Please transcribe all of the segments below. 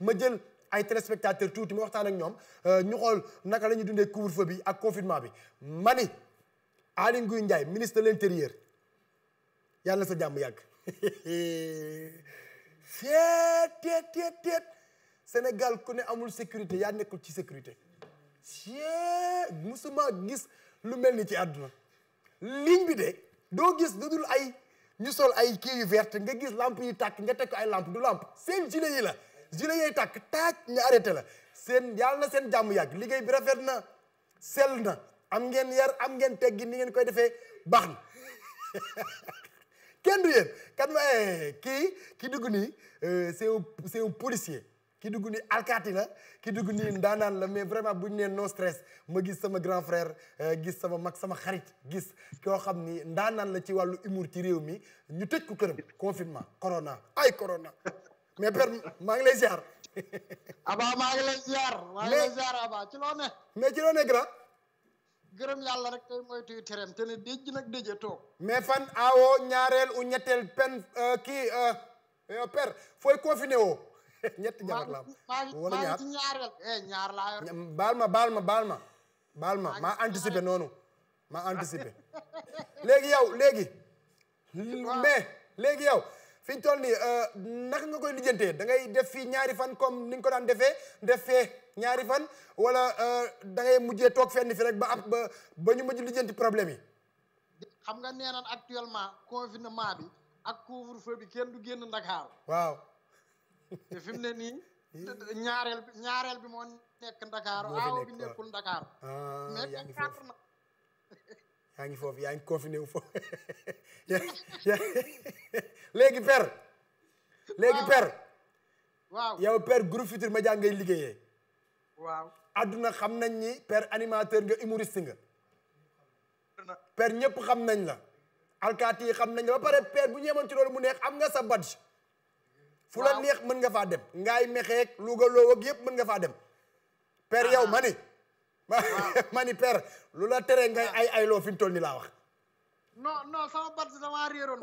ma jën ay téléspectateurs tuuti ma waxtaan ak ñoom euh, ñu xool naka la ñuy dundee couvre-feu bi ak confinement bi ma ni Aly Ngouille Ndiaye ministre de l'intérieur yàlla sa jàmm yàgg teet teet teet teet Sénégal ku ne amul sécurité yaa nekkul ci sécurité cee musuma gis lu mel ni ci àdduna ligne bi de doo gis lu dul ay ñu sol ay kii yu verte nga gis làmp yi tàkk nga teg ko ay làmp du làmp seen gilet yi la gilet yooyu tàkk taaj ñu la seen yàlla na seen jàmm yàgg liggéey bi rafet na sell na am ngeen yar am ngeen teggi ni ngeen koy defee baax na kenn du yéen kat ma eh, kii ki dugg nii euh, c'est sew policier ki dugg nii alkaati la ki dugg nii ndaanaan la mais vraiment bu ñu nee non stress ma gis sama grand frère euh, gis sama mag sama xarit gis koo xam ni ndaanaan la ci wàllu humour ci réew mi ñu tëj ko këram confinement corona ay corona mais per maa ngi lay ziar. Aba maa ngi lay ziar. maa ngi Aba ci loo ne. mais ci loo ne grand. gërëm yàlla rek tey mooy tuy tereem te déj nag déje toog. mais fan awo ñaareel u ñetteel pen euh, kii euh, euh, père fooy confiné woo. ñetti jabar la wala ñaareel. Eh, baal ma baal ma baal ma. ma maa noonu maa anticipé léegi yow léegi. mais léegi yow. fi ñu toll nii euh, naka nga koy lijjantee da ngay def fii ñaari fan comme ni nga ko daan defee def fee ñaari fan wala euh, da ngay mujjee toog fenn fi rek ba am ba ba ñu mujj lijjanti problème yi. xam nga neenaan naan actuellement confinement bi ak couvre-feu kenn du génn Ndakaaru. waaw. te fi mu ne nii. ñaareel ñaareel bi moo nekk Ndakaaru. moo fi nekk waaw bi nekkul Ndakaaru. Ah, yaa ngi foofu yaa ngi confiné wu foofu léegi per léegi per waaw yow père groupe Futurs Médias ngay liggéeyee. waaw adduna xam nañ ni per animateur nga humoriste nga. per ñëpp xam nañ la. alkaati yi xam nañ la ba pare père bu ñu ci loolu mu neex am nga sa badge. fu la neex mën nga faa dem. ngaay mexeek Louga loo ak yëpp mën nga faa dem. per yow mane ma per père tere ngay ay ay loo fi mu toll nii laa wax. non non sama bat damaa réeroon.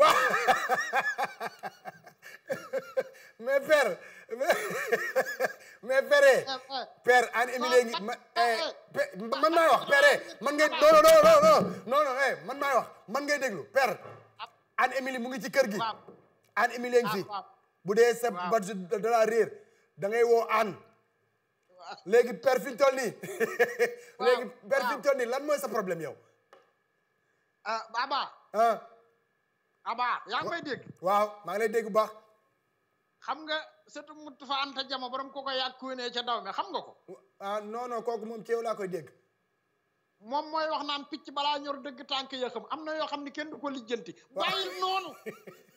mais père mais père. Eh, eh, eh. père an Émile ngi man maay wax père man ngay non non non non man maay wax man ngay déglu père. an Émile mu ngi ci kër gi. an Émile ngi ah, fi bu dee sa bat dalaa réer da ngay woo an. léegi père nii. léegi père nii lan mooy sa problème yow. a ah, Aba. ah. Aba yaa ngi may dégg. waaw maa ngi lay dégg bu baax. xam nga surtout Moutou Fa Anta Jama borom kooku yaa kuwénee ca daw mi xam nga ko. ah kooku moom ci laa koy dégg. moom mooy wax naan picc balaa ñor dëgg tànk yoo am na yoo xam ne kenn du ko lijjanti. bàyyi noonu.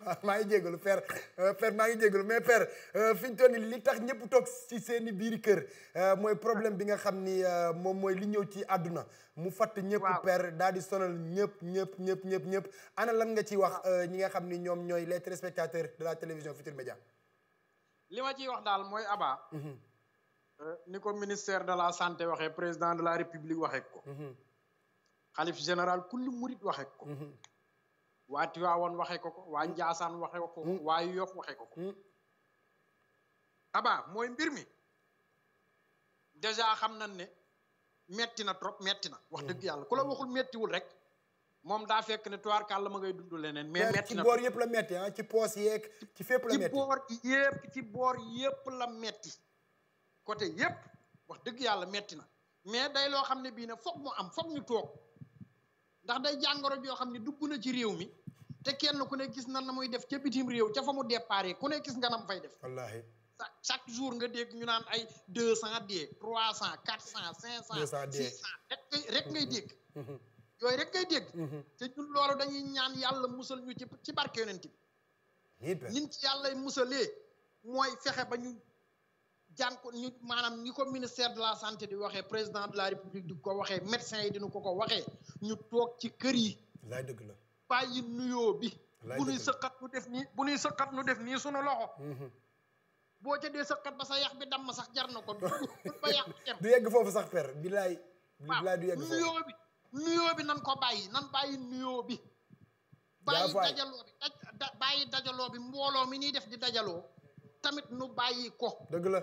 waaw ah, maa ngi jégalu fer euh, père maa ngi jégalu mais père euh, fi ñu toll li tax ñëpp toog ci seeni biiri kër euh, mooy problème bi nga xam ni moom mooy li ñëw ci àdduna mu fàtt ñëpp père daal di sonal ñëpp ñëpp ñëpp ñëpp ñëpp ana lan nga ci wax ñi nga xam ni ñoom ñooy les téléspectateurs de la télévision Futur Média li ma ciy wax daal mooy Aba mhm. ni ko ministère de la santé waxee président de la république waxee ko xalif mhm. général kulli murit waxee ko mhm. waa Tiwaawoon waxee ko ko waa Njaasaan waxee ko ko hmm. waa Yoff waxee ko ko hmm. aba mooy mbir mi déjà xam nañ ne metti na trop metti na wax dëgg hmm. yàlla ku la waxul mettiwul rek moom daa fekk ne tuwaar kàlla ma ngay dund leneen mais metti na ci boor yëpp la metti ah, ci poos yeeg ci fépp la metti ci boor yëpp ci boor yëpp la metti côté yëpp wax dëgg yàlla metti na mais day loo xam ne bii ne foog mu am foog ñu toog ndax day jàngoro joo xam ne dugg na ci réew mi te kenn ku ne gis na na muy def ca bitim réew ca fa mu départ ku ne gis nga nam fay def. wallaahi chaque jour nga dégg ñu naan ay deux cent dee trois cent quatre cent cinq cent. deux six cent rek ngay mm-hmm. dégg. Mm-hmm. yooyu rek ngay dégg. Mm-hmm. te ñun loolu dañuy ñaan yàlla musal ñu ci ci barke yonent bi. nit ci yàlla musalee mooy fexe ba ñu. jàng ko ñu maanaam ñi ko ministère de la santé di waxee président de la république di ko waxe médecin yi dina ko ko waxee ñu toog ci kër yi. dëgg la bàyyi nuyoo bi. bu nuy sëqat nu def nii bu nuy sëqat nu def nii sunu loxo. Mhm. boo ca dee sëqat ba sa yax bi damm sax jar na ko. ba yax bi foofu sax per bilaay. bilaay du yegg foofu nuyoo bi nuyoo bi nan ko bàyyi nan bàyyi nuyoo bi. bàyyi dajaloo bi daj bàyyi dajaloo bi mbooloo mi ñuy def di dajaloo. tamit nu bàyyi ko. dëgg la.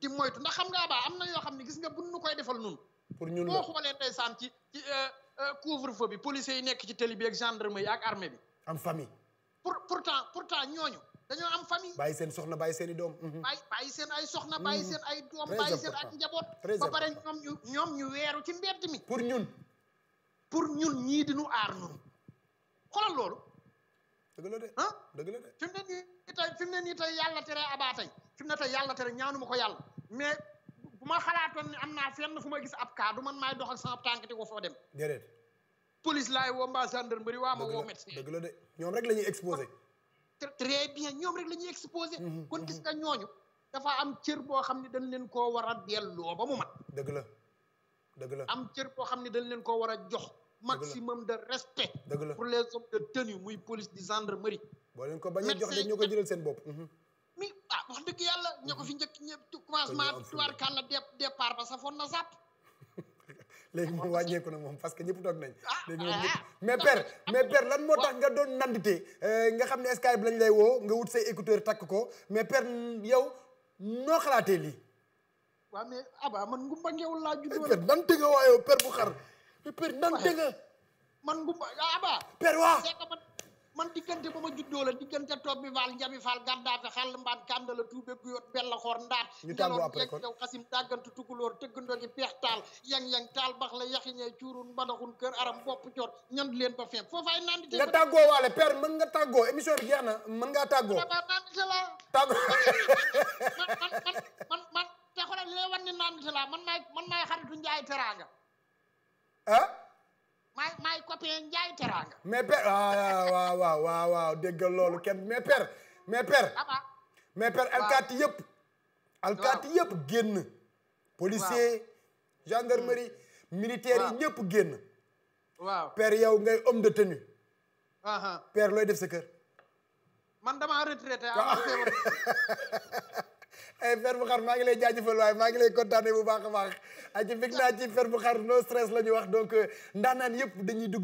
di moytu ndax xam nga abaa am na yoo xam ne gis nga buñ nu koy defal nun pour ñun boo xoolee ndeysaan ci ci euh, euh, couvre-feu bi policiers yi nekk ci télé bi ak gendarme yi ak armée bi. am famille. pour pourtant pourtant ñooñu dañoo am famille. bàyyi seen soxna bàyyi seen i doom. Mhm. bàyyi seen ay soxna bàyyi mhm. seen ay doom. bàyyi seen ak njaboot. ba pare ñoom ñu weeru ci mbedd mi. pour ñun. pour ñun ñii di nu aar ñun xoolal loolu. dëgg la de ah dëgg la ne nii tey fi mu ne nii tey yàlla tere abaa tey ne tey yàlla tere ñaanu ko yàlla mais bu ma xalaatoon ne am naa fenn fu ma gis ab kaadu man maay dox ak sama tànk te ko foo dem déedéet police laay woo mbaa gendarmerie waa ma woo médecin dëgg la de ñoom rek la ñuy exposé très bien ñoom rek la ñuy exposé mm-hmm, kon gis mm-hmm. nga ñooñu dafa am cër boo xam ne dañ leen koo war a delloo ba mu mat dëgg la dëgg la am cër boo xam ne dañ leen koo war a jox maximum de respect. pour les hommes de tenue muy police di gendarmerie. boo leen ko bañ a jox de ñoo ko jëlal seen bopp. Mm-hmm. Mm-hmm. mi ah wax dëgg fi mm-hmm. njëkk ñëpp commencement bi tuwaar kàlla départ ba na sàpp. léegi moom wàññeeku na moom parce que ñëpp toog nañ ah, léegi moom ah, ah. mais père mais lan moo tax nga doon nandite euh, nga xam ne Skype bi lañ lay woo nga wut say écouteur takk ko mais père yow noo xalaatee lii waa mais aba man ngumba ngeewul laa juddoo père nante nga waayoo père bu xar père nante nga man bu ma aba père waa man diggante ba ma juddoo la diggante toog bi faal njabi faal gàndaate xàll mbaan kàndala tuube guyoot bella xoor ndaat ngeloon jeg jaw xasim dàggantu tukulóor tëggandoo gi peex taal yang-yang taal bax la yaxiñee cuurun mbadaxun kër aram bopp cor ñan leen ba feeb foofaay nandi te nga tàggoo waale père mën nga tàggoo émission bi jeex na mën ngaa tàggoo nandi te la tàggoo man man man man te xoolal li lay wan ni nandi la man maay man maay xaritu njaay teraanga ah. maay maay copain Ndiaye mais père waaw waaw waaw waaw dégg loolu kenn mais père. mais père mais père alkaati yëpp. génn. policier gendarmerie hmm. militaire yi ñëpp génn. waaw père yow ngay homme de tenue. Uh-huh. père looy def sa kër. ay eh, fer bu xar maa ngi lay jaajëfal waaye maa ngi lay kontaane bu baax a baax ay ci bég naa ci fer bu xar no stress la ñu wax donc ndaanaan yëpp dañuy dugg